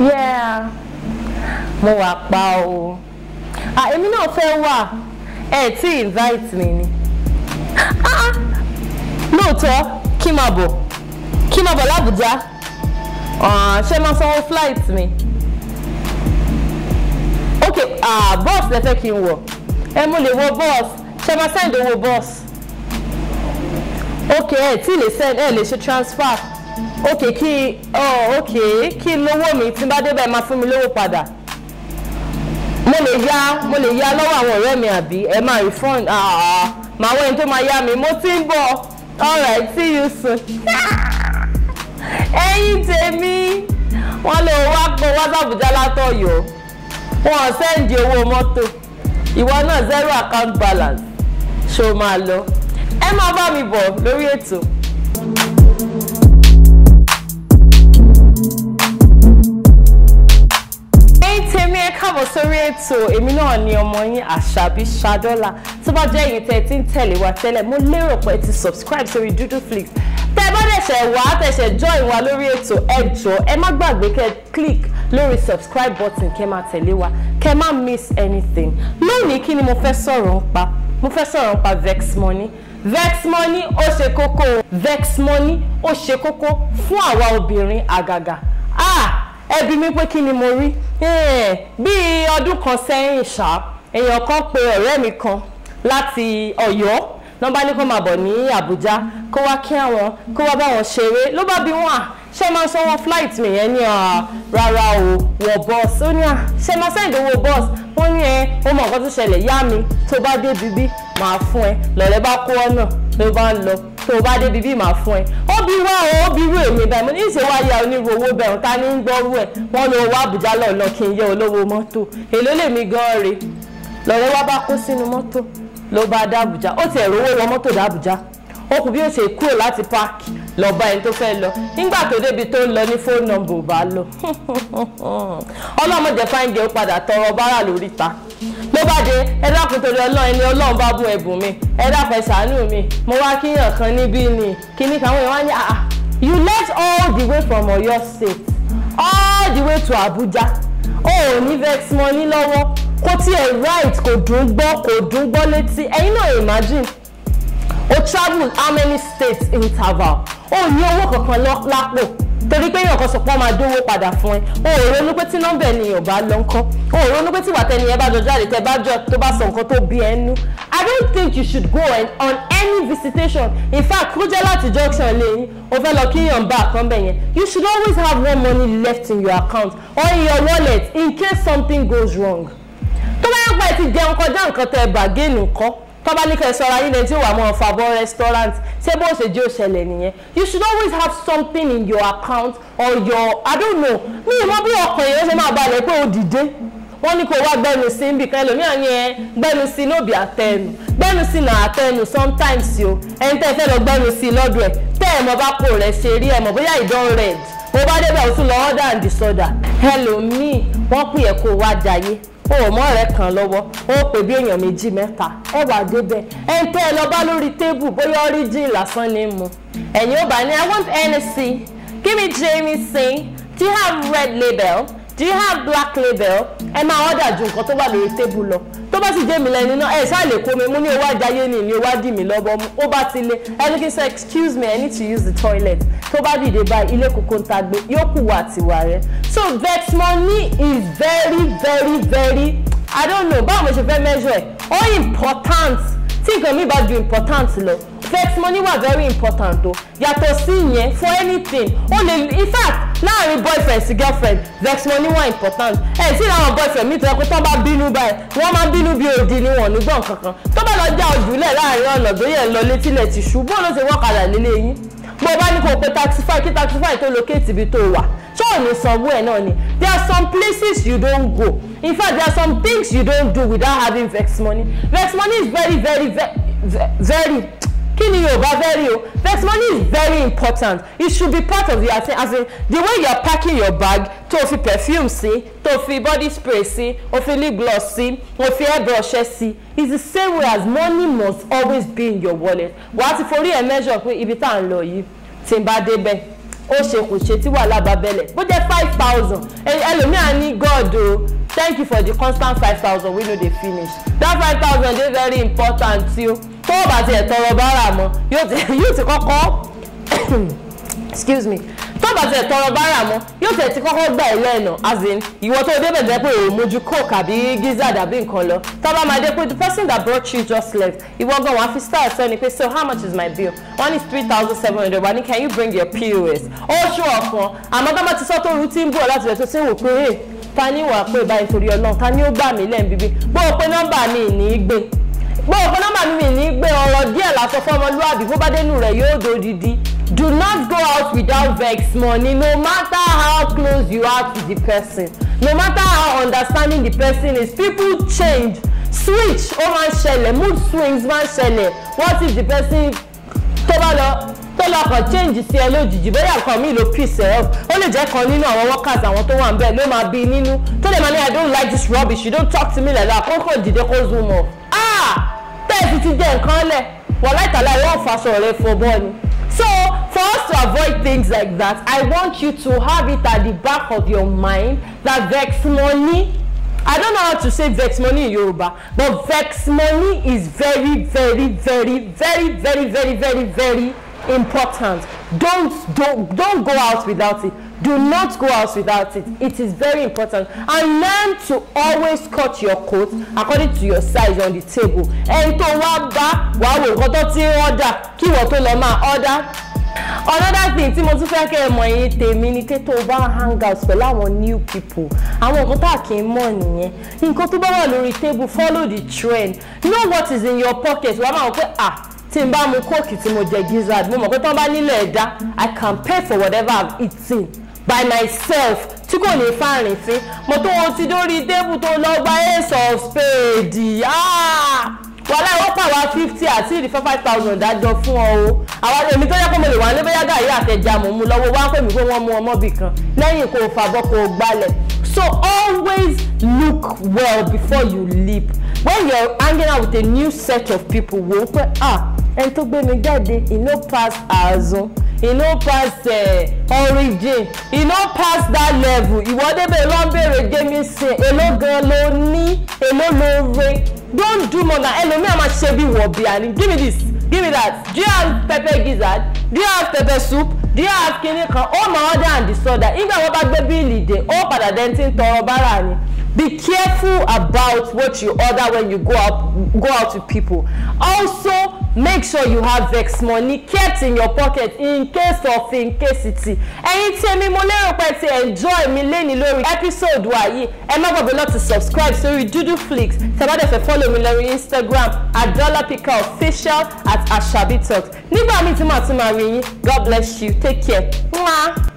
yeah mo wà pa o ah èmi náà fẹ́ wà ẹ tí invite mi ni ah, ah. lóòótọ́ kí máa bọ̀ kí máa bọ̀ lábùjá ah, ṣé máa sanwó flight mi ok ah bus lẹ fẹ́ kí n wọ̀ ẹ mo lè wọ bus ṣé máa send owó bus ok ẹ tí lè send ẹ lè ṣe transfer ok kí oh, ok kí lówó mi tí bá débẹ̀ máa fún mi lówó padà mo lè yá mo lè yá lọ́wọ́ àwọn ọ̀rẹ́ mi àbí ẹ máa refund ah, ah, ah. màá wẹ́n tó máa yá mi mo ti ń bọ̀ alright see you soon. ẹ̀yin tèmi wọ́n lè wá pé whatsapp jálátọ̀ yọ wọ́n sẹ́ǹdì owó mọ́tò ìwọ náà zero account balance ṣó máa lọ ẹ máa bá mi bọ̀ lórí ètò. thank you ẹ káàbọ̀ sórí ètò èmi náà ni ọmọ yín àṣàbí ṣadọ́là tó bá jẹ́ ẹ̀yin tẹ́ ẹ ti ń tẹ̀lé wa tẹ́lẹ̀ mo lérò pé ẹ ti subscribe sórí Doodleflix tẹ́ ẹ bá dẹ̀ṣẹ̀ wá tẹ̀ṣẹ̀ join wa lórí ètò ẹ ẹ má gbàgbé kẹ́ click lórí subscribe button kẹ́ máa tẹ̀lé wa kẹ́ má miss anything lónìí kí ni mo fẹ́ sọ̀rọ̀ ń pa mo fẹ́ sọ̀rọ̀ ń pa vex money vex money ó ṣe kókó vex money ó ṣe kókó fún àwa obìnrin àgàgà ẹ mi mí pé kí ni mo rí bíi ọdún kan sẹ́yìn ṣá èèyàn kan pe ọ̀rẹ́ mi kan láti Ọ̀yọ́ ló bá ní kó máa bọ̀ ní Àbújá kó wá kí àwọn kó wá bá wọn ṣeré ló bá bí wọn à ṣé máa san wọn flight mi yẹn ní rárá o wọ bọ́ọ̀sì ó ní à ṣé máa sẹ́yìn owó bọ́ọ̀sì wọ́n ní ẹ ó mọ nǹkan tó ṣẹlẹ̀ yá mi tó bá dé bíbí màá fún ẹ lọ́lẹ́ bá kó ọ náà ló bá ń lọ tó o bá débi bí màá fún ẹ ó bí wá o ó bí rú èmi bẹ́ẹ̀ mo ní ìṣe wá ya onírú owó bẹ́ẹ̀ ta ní ń gbọ́rú ẹ̀ wọ́n lọ wá Àbújá lọ́ọ̀lọ́ kí n yẹ olówó mọ́tò èló lèmi gan-an rè lọ́rẹ́ wá bá kó sínú mọ́tò ló bá dá Àbújá ó tiẹ̀ rówó wọ mọ́tò dá Àbújá ó kù bí ó ṣe kúrò láti páàkì lọ bá ẹni tó fẹ́ lọ nígbà tó débi tó ń lọ ní fóònù nọ́mbà ò bá lọ ọlọ́mọdé fáńgẹ̀ ó padà tọrọ bárà lóríta tó bá ẹ dákun torí ọlọ́run ẹni ọlọ́run bá bùn ẹ̀bùn mi ẹ dákun ẹ ṣàánú mi mo wá kíyàn kan níbí ni kíní kan wọ́n wá ní àà ah, ah, you left all the way from Oyo state all the way to Abuja o ò ní vex mọ́ ní lọ́wọ́ kó tí ẹ right kò dùn gbọ́ kò dùn gbọ́ létí ẹ̀yin náà imagine o travel how many states interval o ní owó kankan lápò torí pé èèyàn kan máa dówó padà fún ẹ o ò ronú pé tí nọ́mbà ènìyàn bá lọ ńkọ́ o ò ronú pé tí wàtẹ́ ènìyàn bá jọ jáde tẹ́ bá jọ tó bá sọ nǹkan tó bí ẹ i don't think you should go on any visitation in fact kó jẹ́ láti junction lẹ́yìn o fẹ́ lọ kí yàn bá àkàn bẹ̀ yẹn you should always have one money left in your account or in your wallet in case something goes wrong tó bá yẹ pa ẹ ti jẹun kọjá nǹkan tẹ́ ẹ bàgẹ́ nìkan tọ́ba ní kẹ́ sọ́ra yín lè ti wà mọ́ fàbọ̀ restaurant ṣé bó ṣe jẹ́ òṣẹlẹ̀ nìyẹn you should always have something in your account or your i don't know mi ì mọ bí ọkàn yẹn ṣe máa balẹ̀ pé o dìde wọ́n ní kó wá gbẹ́nu sí níbi kan ẹlòmíràn yẹn gbẹ́nu sí lóbi àtẹnu gbẹ́nu sí nà àtẹnu sometimes o ẹni tẹ́ ẹ fẹ́ lọ gbẹ́nu sí lọ́dọ̀ ẹ̀ tẹ́ ẹ̀ mọ bá kó rẹ̀ ṣe rí ẹ̀ mọ̀ bóyá ìdán red bó bá débẹ̀ ó lọ order and disorder ẹlòmíì wọ́n pè ẹ́ kó wá jayé o ò kan lọ́wọ́ o pè bí èèyàn méjì mẹ́ta ẹ wà débẹ̀ ẹ ń tẹ́ ẹ lọ bá lórí tébù bóyá origin lásán ni mu ẹ̀yin ò bá ní i want anything give me Jameson tí ham red label do you have black label ẹ máa ọ́dà ju nǹkan tó wà lórí tébù lọ tó bá sì jẹ́ mi lẹ́ni náà ẹ ṣáà lè kó mi mú ní owó àjáyé ni ní owó àdì mi lọ́bọ̀ mu ó bá ti lé ẹni kí n sọ excuse me I need to use the toilet tó bá dìde báyìí ilé kòkó ń ta gbé yóò kù wà tiwa rẹ so vex money is very very very I don't know báwo mo ṣe fẹ́ measure ẹ̀ all important tí nǹkan mi bá ju important lọ vex money wà very important o yàtọ̀ sí ìyẹn for anything o lè in fact láàrin boyfriend sí girlfriend vex money wà important ẹ sì láwọn boyfriend mi tẹ́ pé tó bá bínú báyìí wọ́n máa bínú bí òdi ni wọ́n ní gbọ̀n kankan tó bá lọ já ojúlẹ̀ láàrin ọ̀nà tó yẹ lọ létílẹ̀ ti ṣú bó ló ṣe wọ́n kalà lélẹ̀ yín mo bá ní kó o pe taxify kí taxify tó locate ibi tó wà ṣé ò ní sanwó ẹ̀ náà ni there are some places you don't go in fact there are some things you don't do without having vex money vex money is very very very very kí ni yorùbá fẹ́ rí o vex money is very important it should be part of your as in the way you are packing your bag tó o fi perfume sí tó o fi body spray sí o fi lip gloss sí o fi airbrush sí is the same way as money must always be in your wallet wàá ti forí ẹ̀ measure pé ibi tá à ń lọ yìí tí n bá débẹ̀ ó ṣe kò ṣe tí wàhálà bá bẹ̀lẹ̀ bó jẹ́ five thousand ẹlòmíràn ní god o thank you for the constant five thousand we no dey finish that five thousand dey very important tí o tó o bá tiẹ̀ tọrọ bára mọ́ yóò ti kọ́kọ́ excuse me tó bá tiẹ̀ tọrọ bára mọ́ yóò tẹ̀ ti kọ́kọ́ gbà ẹ́ lẹ́nu as in ìwọ tó débẹ̀ jẹ́ pé òun mójú coke àbí gizzard àbí nǹkan lọ tó bá máa dé pé the person that brought you just left ìwọ gan wàá fi star sọ ni pé so how much is my bill one is three thousand seven hundred wà can you bring your pos oṣù ọ̀kan àmọ́ tó bá ti sọ tó rú tí ń bọ̀ láti rẹ̀ tó ti ń wò pé ta ni wàá pè báyìí torí ọlọ́run ta ni ó gbà mí lẹ́ẹ̀ bíbí bó o pé nọ́mbà mi ní í gbé gbé òpó nọ́mbà ní gbé ọ̀rọ̀ díẹ̀ lásọ fọmọlúàbí bó bá dénú rẹ̀ yóò dodidi do not go out without vex money no matter how close you are to the person no matter how understanding the person is people change switch ó máa ń ṣẹlẹ̀ mood swings máa ń ṣẹlẹ̀ what if the person tó bá lọ tó lọ kàn change sí ẹ lójijì bóyá nǹkan mi ló peace, ẹ up ó lè jẹ́ kan nínú àwọn workers àwọn tó wà ń bẹ̀ ló máa bí nínú tó lè máa ní i don't like this rubbish you don't talk to me like that kókò dìde kó zoom off sì ti jẹ nǹkan lẹ̀ wọ́n láìtàlá ìwọ́n fàṣọ rẹ̀ fọbọ́ ni. So for us to avoid things like that, I want you to have it at the back of your mind that vex money. I don't know how to say vex money in Yoruba, but vex money is very, very, very, very, very, very, very, very important. Don't don't don't go out without it do not go out without it it is very important and learn to always cut your coat according to your size on the table ẹni tó wá bá wàá wò nǹkan tó ti order kí ìwọ tó lọ máa order another thing tí mo tún fẹ́ kẹ́ ẹ mọ̀ ẹ̀yin tèmi ni pé tó o bá hang out pẹ̀lú àwọn new people àwọn nǹkan tá a kì í mọ̀ nìyẹn nǹkan tó bá wà lórí table follow the trend know what is in your pocket wàá máa wọ pé ah tí n bá mu kóòkì tí mo jẹ gizzard mo mọ̀ pé tí wọ́n bá nílò ẹ̀dá i can pay for whatever i'm eating by myself tí kò ní fàárín sí mo tó wọn ti dórí tébù tó lọ gba ace of spade ah! wàhálà ìwọ́n pa àwa fifty àti ìdí five thousand dájọ́ fún ọ o àwọn èmi tó yẹ kó mo lè wà ní bóyá gàrí àtẹ̀jà mò ń mu lọ́wọ́ wá pè mí pé wọ́n mú ọmọ bì kan lẹ́yìn kó o fàbọ̀ kó so always look well before you leap when you're hanging out with a new set of people wò ó pé ah ẹni tó gbé mi jáde e no pass ààzùn e no pass uh, origin e no pass that level ìwọ débẹ̀ ló ń béèrè gaming sin èló gan ló ní èló ló re don do more na ẹlòmíràn máa ṣe bí wọ̀bì àní give me this give me that do you have pepper gizzard do you have pepper soup do you have kinní kan ó mọ order and disorder nígbà wọn bá gbé bíìlì dé ó padà dẹ́ntì ń tọrọ bára ni be careful about what you order when you go out go out with people also make sure you have vex money kept in your pocket in case of in case ti ẹ̀yin tí èmi mo lérò pé ti enjoy mi lẹ́ni lórí episode wa yìí ẹ má gbàgbé láti subscribe sórí dúdú flix tẹ́bàdẹ̀ fẹ́ follow mi lórí instagram at dollarpika official at ashabi talks nígbà míì tí màá tún máa rí yín god bless you take care. Mwah.